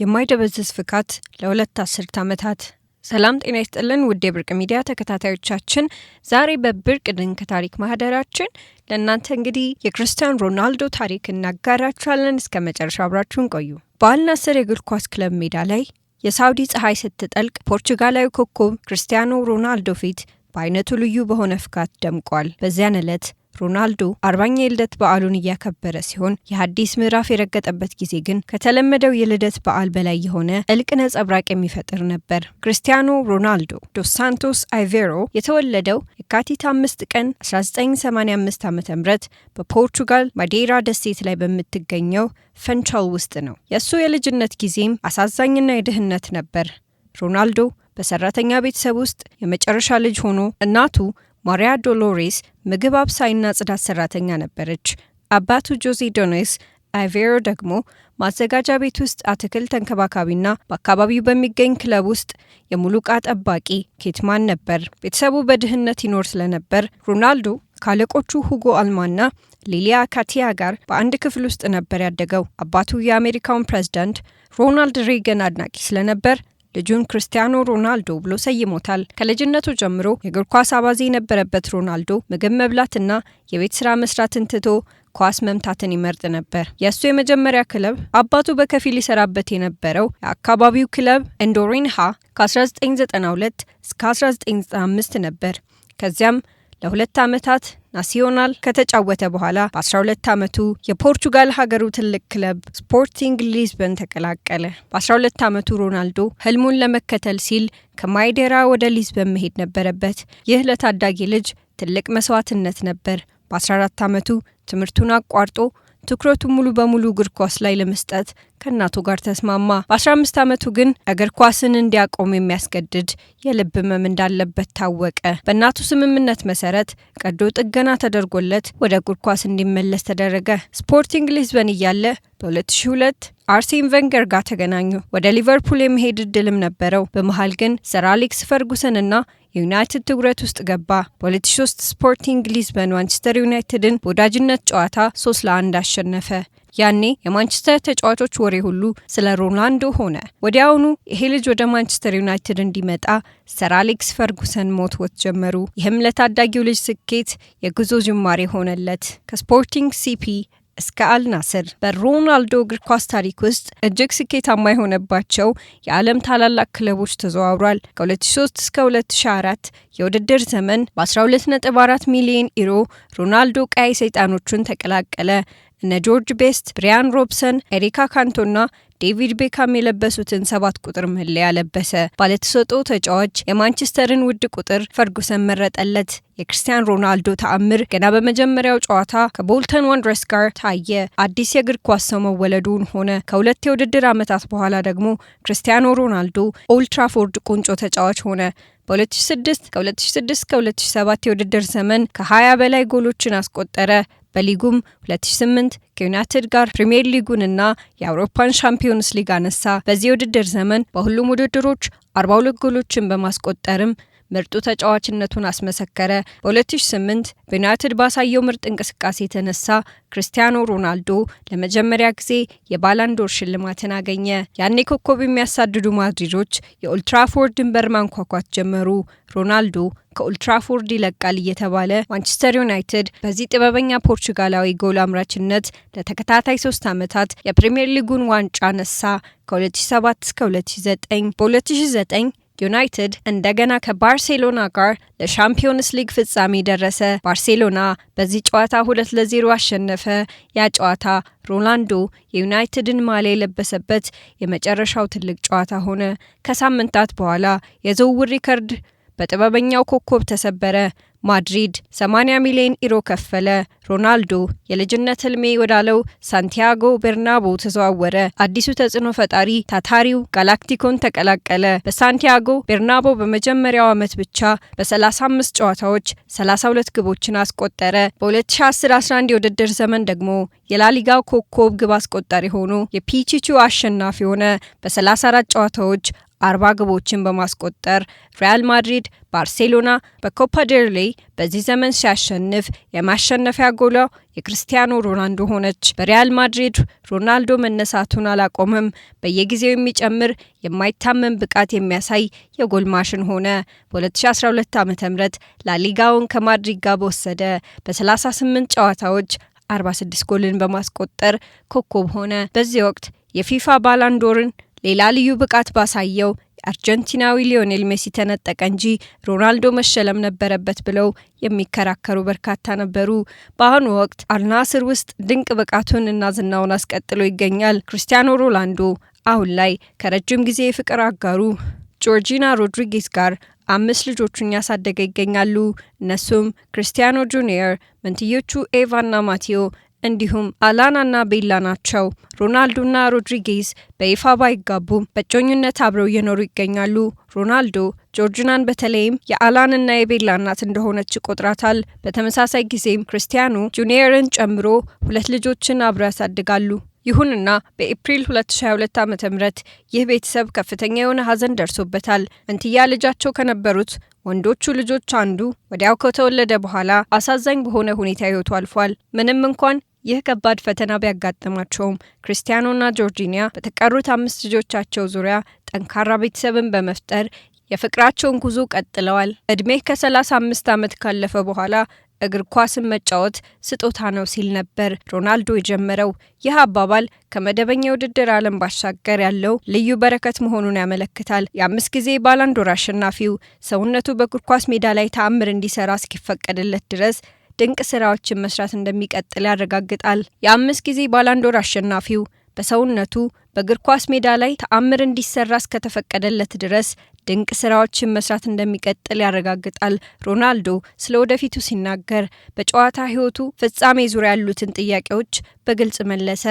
የማይደበዝዝ ፍካት ለሁለት አስርት ዓመታት። ሰላም ጤና ይስጥልን ውድ የብርቅ ሚዲያ ተከታታዮቻችን፣ ዛሬ በብርቅ ድንክ ታሪክ ማህደራችን ለእናንተ እንግዲህ የክርስቲያን ሮናልዶ ታሪክ እናጋራችኋለን። እስከ መጨረሻ አብራችሁን ቆዩ። በአልናስር የእግር ኳስ ክለብ ሜዳ ላይ የሳውዲ ፀሐይ ስትጠልቅ ፖርቹጋላዊ ኮከብ ክርስቲያኖ ሮናልዶ ፊት በአይነቱ ልዩ በሆነ ፍካት ደምቋል። በዚያን ዕለት ሮናልዶ አርባኛ የልደት በዓሉን እያከበረ ሲሆን የአዲስ ምዕራፍ የረገጠበት ጊዜ ግን ከተለመደው የልደት በዓል በላይ የሆነ እልቅ ነጸብራቅ የሚፈጥር ነበር። ክርስቲያኖ ሮናልዶ ዶስ ሳንቶስ አይቬሮ የተወለደው የካቲት አምስት ቀን 1985 ዓ ም በፖርቹጋል ማዴራ ደሴት ላይ በምትገኘው ፈንቻል ውስጥ ነው። የእሱ የልጅነት ጊዜም አሳዛኝና የድህነት ነበር። ሮናልዶ በሰራተኛ ቤተሰብ ውስጥ የመጨረሻ ልጅ ሆኖ እናቱ ማሪያ ዶሎሬስ ምግብ አብሳይና ጽዳት ሰራተኛ ነበረች። አባቱ ጆዚ ዶኔስ አይቬሮ ደግሞ ማዘጋጃ ቤት ውስጥ አትክልት ተንከባካቢና በአካባቢው በሚገኝ ክለብ ውስጥ የሙሉ ዕቃ ጠባቂ ኬትማን ነበር። ቤተሰቡ በድህነት ይኖር ስለነበር ሮናልዶ ካለቆቹ ሁጎ አልማና ሊሊያ ካቲያ ጋር በአንድ ክፍል ውስጥ ነበር ያደገው። አባቱ የአሜሪካውን ፕሬዝዳንት ሮናልድ ሬገን አድናቂ ስለነበር ልጁን ክርስቲያኖ ሮናልዶ ብሎ ሰይሞታል። ከልጅነቱ ጀምሮ የእግር ኳስ አባዜ የነበረበት ሮናልዶ ምግብ መብላትና የቤት ስራ መስራትን ትቶ ኳስ መምታትን ይመርጥ ነበር። የእሱ የመጀመሪያ ክለብ አባቱ በከፊል ይሰራበት የነበረው የአካባቢው ክለብ እንዶሪንሃ ከ1992 እስከ 1995 ነበር። ከዚያም ለሁለት ዓመታት ናሲዮናል ከተጫወተ በኋላ በ12 ዓመቱ የፖርቹጋል ሀገሩ ትልቅ ክለብ ስፖርቲንግ ሊዝበን ተቀላቀለ። በ12 ዓመቱ ሮናልዶ ህልሙን ለመከተል ሲል ከማይዴራ ወደ ሊዝበን መሄድ ነበረበት። ይህ ለታዳጊ ልጅ ትልቅ መስዋዕትነት ነበር። በ14 ዓመቱ ትምህርቱን አቋርጦ ትኩረቱ ሙሉ በሙሉ እግር ኳስ ላይ ለመስጠት ከእናቱ ጋር ተስማማ። በ15 ዓመቱ ግን እግር ኳስን እንዲያቆም የሚያስገድድ የልብ ህመም እንዳለበት ታወቀ። በእናቱ ስምምነት መሰረት ቀዶ ጥገና ተደርጎለት ወደ እግር ኳስ እንዲመለስ ተደረገ። ስፖርቲንግ ሊዝበን እያለ በ2002 አርሴን ቨንገር ጋር ተገናኙ። ወደ ሊቨርፑል የመሄድ እድልም ነበረው። በመሀል ግን ሰር አሌክስ ፈርጉሰንና የዩናይትድ ትኩረት ውስጥ ገባ። በ2003 ስፖርቲንግ ሊዝበን ማንቸስተር ዩናይትድን በወዳጅነት ጨዋታ 3 ለአንድ አሸነፈ። ያኔ የማንቸስተር ተጫዋቾች ወሬ ሁሉ ስለ ሮናልዶ ሆነ። ወዲያውኑ ይሄ ልጅ ወደ ማንቸስተር ዩናይትድ እንዲመጣ ሰር አሌክስ ፈርጉሰን ሞትወት ጀመሩ። ይህም ለታዳጊው ልጅ ስኬት የጉዞ ጅማሬ ሆነለት። ከስፖርቲንግ ሲፒ እስከ አልናስር በሮናልዶ እግር ኳስ ታሪክ ውስጥ እጅግ ስኬታማ የሆነባቸው የዓለም ታላላቅ ክለቦች ተዘዋውሯል። ከ2003 እስከ 2004 የውድድር ዘመን በ12.4 ሚሊዮን ዩሮ ሮናልዶ ቀይ ሰይጣኖቹን ተቀላቀለ። እነ ጆርጅ ቤስት፣ ብሪያን ሮብሰን፣ ኤሪካ ካንቶና ዴቪድ ቤካም የለበሱትን ሰባት ቁጥር መለያ ለበሰ። ባለተሰጥኦ ተጫዋች የማንቸስተርን ውድ ቁጥር ፈርጉሰን መረጠለት። የክርስቲያን ሮናልዶ ተአምር ገና በመጀመሪያው ጨዋታ ከቦልተን ዋንድረስ ጋር ታየ። አዲስ የእግር ኳስ ሰው መወለዱን ሆነ። ከሁለት የውድድር ዓመታት በኋላ ደግሞ ክርስቲያኖ ሮናልዶ ኦልትራፎርድ ቁንጮ ተጫዋች ሆነ። በ2006 ከ2006 ከ2007 የውድድር ዘመን ከ20 በላይ ጎሎችን አስቆጠረ። በሊጉም 2008 ከዩናይትድ ጋር ፕሪምየር ሊጉንና የአውሮፓን ሻምፒዮንስ ሊግ አነሳ። በዚህ የውድድር ዘመን በሁሉም ውድድሮች 42 ጎሎችን በማስቆጠርም ምርጡ ተጫዋችነቱን አስመሰከረ። በ2008 በዩናይትድ ባሳየው ምርጥ እንቅስቃሴ የተነሳ ክርስቲያኖ ሮናልዶ ለመጀመሪያ ጊዜ የባላንዶር ሽልማትን አገኘ። ያኔ ኮከብ የሚያሳድዱ ማድሪዶች የኦልትራፎርድ ድንበር ማንኳኳት ጀመሩ። ሮናልዶ ከኦልትራፎርድ ይለቃል እየተባለ ማንቸስተር ዩናይትድ በዚህ ጥበበኛ ፖርቹጋላዊ ጎል አምራችነት ለተከታታይ ሶስት ዓመታት የፕሪምየር ሊጉን ዋንጫ ነሳ። ከ2007 እስከ 2009 በ2009 ዩናይትድ እንደገና ከባርሴሎና ጋር ለሻምፒዮንስ ሊግ ፍጻሜ ደረሰ። ባርሴሎና በዚህ ጨዋታ ሁለት ለዜሮ አሸነፈ። ያ ጨዋታ ሮናልዶ የዩናይትድን ማሊያ የለበሰበት የመጨረሻው ትልቅ ጨዋታ ሆነ። ከሳምንታት በኋላ የዝውውር ሪከርድ በጥበበኛው ኮከብ ተሰበረ። ማድሪድ 80 ሚሊዮን ኢሮ ከፈለ። ሮናልዶ የልጅነት ህልሜ ወዳለው ሳንቲያጎ ቤርናቦ ተዘዋወረ። አዲሱ ተጽዕኖ ፈጣሪ ታታሪው ጋላክቲኮን ተቀላቀለ። በሳንቲያጎ ቤርናቦ በመጀመሪያው ዓመት ብቻ በ35 ጨዋታዎች 32 ግቦችን አስቆጠረ። በ2010/11 የውድድር ዘመን ደግሞ የላሊጋው ኮከብ ግብ አስቆጣሪ ሆኖ የፒቺቹ አሸናፊ ሆነ። በ34 ጨዋታዎች አርባ ግቦችን በማስቆጠር ሪያል ማድሪድ ባርሴሎና በኮፓ ዴርሌ በዚህ ዘመን ሲያሸንፍ የማሸነፊያ ጎሏ የክርስቲያኖ ሮናልዶ ሆነች። በሪያል ማድሪድ ሮናልዶ መነሳቱን አላቆመም። በየጊዜው የሚጨምር የማይታመን ብቃት የሚያሳይ የጎል ማሽን ሆነ። በ2012 ዓ ም ላሊጋውን ከማድሪድ ጋር በወሰደ በ38 ጨዋታዎች 46 ጎልን በማስቆጠር ኮከብ ሆነ። በዚህ ወቅት የፊፋ ባላንዶርን ሌላ ልዩ ብቃት ባሳየው አርጀንቲናዊ ሊዮኔል ሜሲ ተነጠቀ እንጂ ሮናልዶ መሸለም ነበረበት ብለው የሚከራከሩ በርካታ ነበሩ። በአሁኑ ወቅት አልናስር ውስጥ ድንቅ ብቃቱን እና ዝናውን አስቀጥሎ ይገኛል። ክርስቲያኖ ሮናልዶ አሁን ላይ ከረጅም ጊዜ የፍቅር አጋሩ ጆርጂና ሮድሪጌዝ ጋር አምስት ልጆቹን ያሳደገ ይገኛሉ። እነሱም ክርስቲያኖ ጁኒየር፣ መንትዮቹ ኤቫና ማቴዎ እንዲሁም አላናና ቤላ ናቸው። ሮናልዶና ሮድሪጌዝ በይፋ ባይጋቡም በእጮኝነት አብረው እየኖሩ ይገኛሉ። ሮናልዶ ጆርጅናን በተለይም የአላንና የቤላ እናት እንደሆነች ይቆጥራታል። በተመሳሳይ ጊዜም ክርስቲያኑ ጁኒየርን ጨምሮ ሁለት ልጆችን አብረው ያሳድጋሉ። ይሁንና በኤፕሪል 2022 ዓ ም ይህ ቤተሰብ ከፍተኛ የሆነ ሐዘን ደርሶበታል። እንትያ ልጃቸው ከነበሩት ወንዶቹ ልጆች አንዱ ወዲያው ከተወለደ በኋላ አሳዛኝ በሆነ ሁኔታ ህይወቱ አልፏል። ምንም እንኳን ይህ ከባድ ፈተና ቢያጋጥማቸውም ክርስቲያኖና ጆርጂኒያ በተቀሩት አምስት ልጆቻቸው ዙሪያ ጠንካራ ቤተሰብን በመፍጠር የፍቅራቸውን ጉዞ ቀጥለዋል። እድሜህ ከሰላሳ አምስት ዓመት ካለፈ በኋላ እግር ኳስን መጫወት ስጦታ ነው ሲል ነበር ሮናልዶ የጀመረው። ይህ አባባል ከመደበኛ የውድድር ዓለም ባሻገር ያለው ልዩ በረከት መሆኑን ያመለክታል። የአምስት ጊዜ ባላንዶር አሸናፊው ሰውነቱ በእግር ኳስ ሜዳ ላይ ተአምር እንዲሰራ እስኪፈቀድለት ድረስ ድንቅ ስራዎችን መስራት እንደሚቀጥል ያረጋግጣል። የአምስት ጊዜ ባላንዶር አሸናፊው በሰውነቱ በእግር ኳስ ሜዳ ላይ ተአምር እንዲሰራ እስከተፈቀደለት ድረስ ድንቅ ስራዎችን መስራት እንደሚቀጥል ያረጋግጣል። ሮናልዶ ስለ ወደፊቱ ሲናገር በጨዋታ ህይወቱ ፍጻሜ ዙሪያ ያሉትን ጥያቄዎች በግልጽ መለሰ።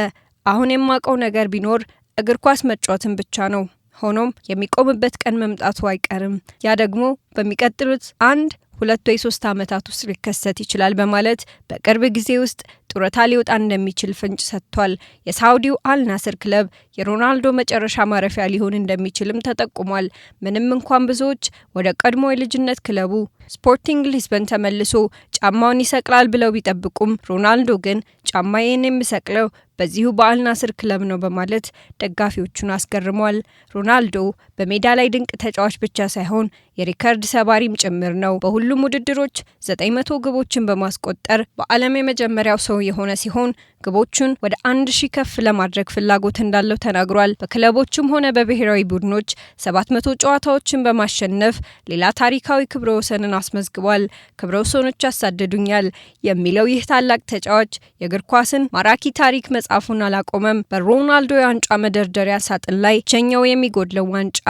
አሁን የማውቀው ነገር ቢኖር እግር ኳስ መጫወትን ብቻ ነው። ሆኖም የሚቆምበት ቀን መምጣቱ አይቀርም። ያ ደግሞ በሚቀጥሉት አንድ ሁለት ወይ ሶስት ዓመታት ውስጥ ሊከሰት ይችላል በማለት በቅርብ ጊዜ ውስጥ ጡረታ ሊወጣ እንደሚችል ፍንጭ ሰጥቷል። የሳውዲው አልናስር ክለብ የሮናልዶ መጨረሻ ማረፊያ ሊሆን እንደሚችልም ተጠቁሟል። ምንም እንኳን ብዙዎች ወደ ቀድሞ የልጅነት ክለቡ ስፖርቲንግ ሊስበን ተመልሶ ጫማውን ይሰቅላል ብለው ቢጠብቁም ሮናልዶ ግን ጫማዬን የምሰቅለው በዚሁ በአልናስር ክለብ ነው በማለት ደጋፊዎቹን አስገርሟል። ሮናልዶ በሜዳ ላይ ድንቅ ተጫዋች ብቻ ሳይሆን የሪከርድ ሰባሪም ጭምር ነው። በሁሉም ውድድሮች 900 ግቦችን በማስቆጠር በዓለም የመጀመሪያው ሰው የሆነ ሲሆን ግቦቹን ወደ አንድ ሺህ ከፍ ለማድረግ ፍላጎት እንዳለው ተናግሯል። በክለቦችም ሆነ በብሔራዊ ቡድኖች 700 ጨዋታዎችን በማሸነፍ ሌላ ታሪካዊ ክብረ ወሰንን አስመዝግቧል። ክብረ ወሰኖች ያሳደዱኛል የሚለው ይህ ታላቅ ተጫዋች የእግር ኳስን ማራኪ ታሪክ መጻፉን አላቆመም። በሮናልዶ የዋንጫ መደርደሪያ ሳጥን ላይ ብቸኛው የሚጎድለው ዋንጫ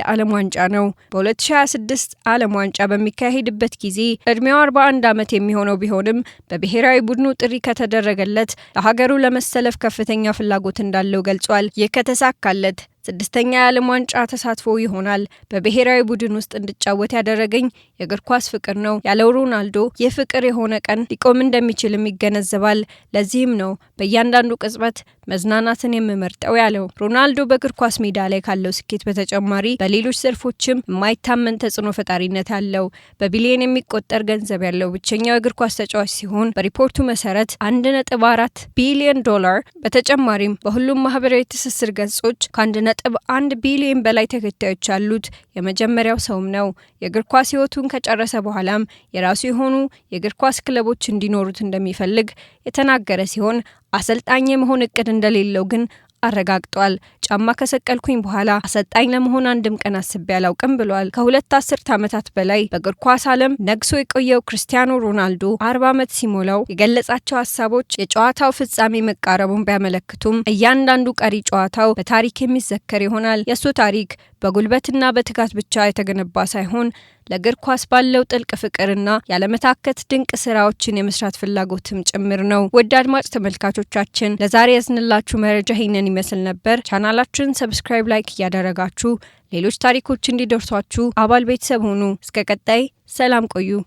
የዓለም ዋንጫ ነው። በ2026 ዓለም ዋንጫ በሚካሄድበት ጊዜ እድሜው 41 ዓመት የሚሆነው ቢሆንም በብሔራዊ ቡድኑ ጥሪ ከተደረገለት ለሀገሩ ለመሰለፍ ከፍተኛ ፍላጎት እንዳለው ገልጿል። ይህ ከተሳካለት ስድስተኛ የዓለም ዋንጫ ተሳትፎ ይሆናል። በብሔራዊ ቡድን ውስጥ እንድጫወት ያደረገኝ የእግር ኳስ ፍቅር ነው ያለው ሮናልዶ ይህ ፍቅር የሆነ ቀን ሊቆም እንደሚችልም ይገነዘባል። ለዚህም ነው በእያንዳንዱ ቅጽበት መዝናናትን የምመርጠው ያለው ሮናልዶ በእግር ኳስ ሜዳ ላይ ካለው ስኬት በተጨማሪ በሌሎች ዘርፎችም የማይታመን ተጽዕኖ ፈጣሪነት አለው። በቢሊዮን የሚቆጠር ገንዘብ ያለው ብቸኛው እግር ኳስ ተጫዋች ሲሆን በሪፖርቱ መሰረት 1.4 ቢሊዮን ዶላር በተጨማሪም በሁሉም ማህበራዊ ትስስር ገጾች ከ1 ነጥብ አንድ ቢሊዮን በላይ ተከታዮች አሉት የመጀመሪያው ሰውም ነው። የእግር ኳስ ሕይወቱን ከጨረሰ በኋላም የራሱ የሆኑ የእግር ኳስ ክለቦች እንዲኖሩት እንደሚፈልግ የተናገረ ሲሆን አሰልጣኝ የመሆን እቅድ እንደሌለው ግን አረጋግጧል። ጫማ ከሰቀልኩኝ በኋላ አሰልጣኝ ለመሆን አንድም ቀን አስቤ አላውቅም ብሏል። ከሁለት አስርት ዓመታት በላይ በእግር ኳስ ዓለም ነግሶ የቆየው ክርስቲያኖ ሮናልዶ አርባ ዓመት ሲሞላው የገለጻቸው ሀሳቦች የጨዋታው ፍጻሜ መቃረቡን ቢያመለክቱም እያንዳንዱ ቀሪ ጨዋታው በታሪክ የሚዘከር ይሆናል። የእሱ ታሪክ በጉልበትና በትጋት ብቻ የተገነባ ሳይሆን ለእግር ኳስ ባለው ጥልቅ ፍቅርና ያለመታከት ድንቅ ስራዎችን የመስራት ፍላጎትም ጭምር ነው። ውድ አድማጭ ተመልካቾቻችን ለዛሬ ያዝንላችሁ መረጃ ይህንን ይመስል ነበር። ቻናላችን ሰብስክራይብ፣ ላይክ እያደረጋችሁ ሌሎች ታሪኮች እንዲደርሷችሁ አባል ቤተሰብ ሆኑ እስከ ቀጣይ ሰላም ቆዩ።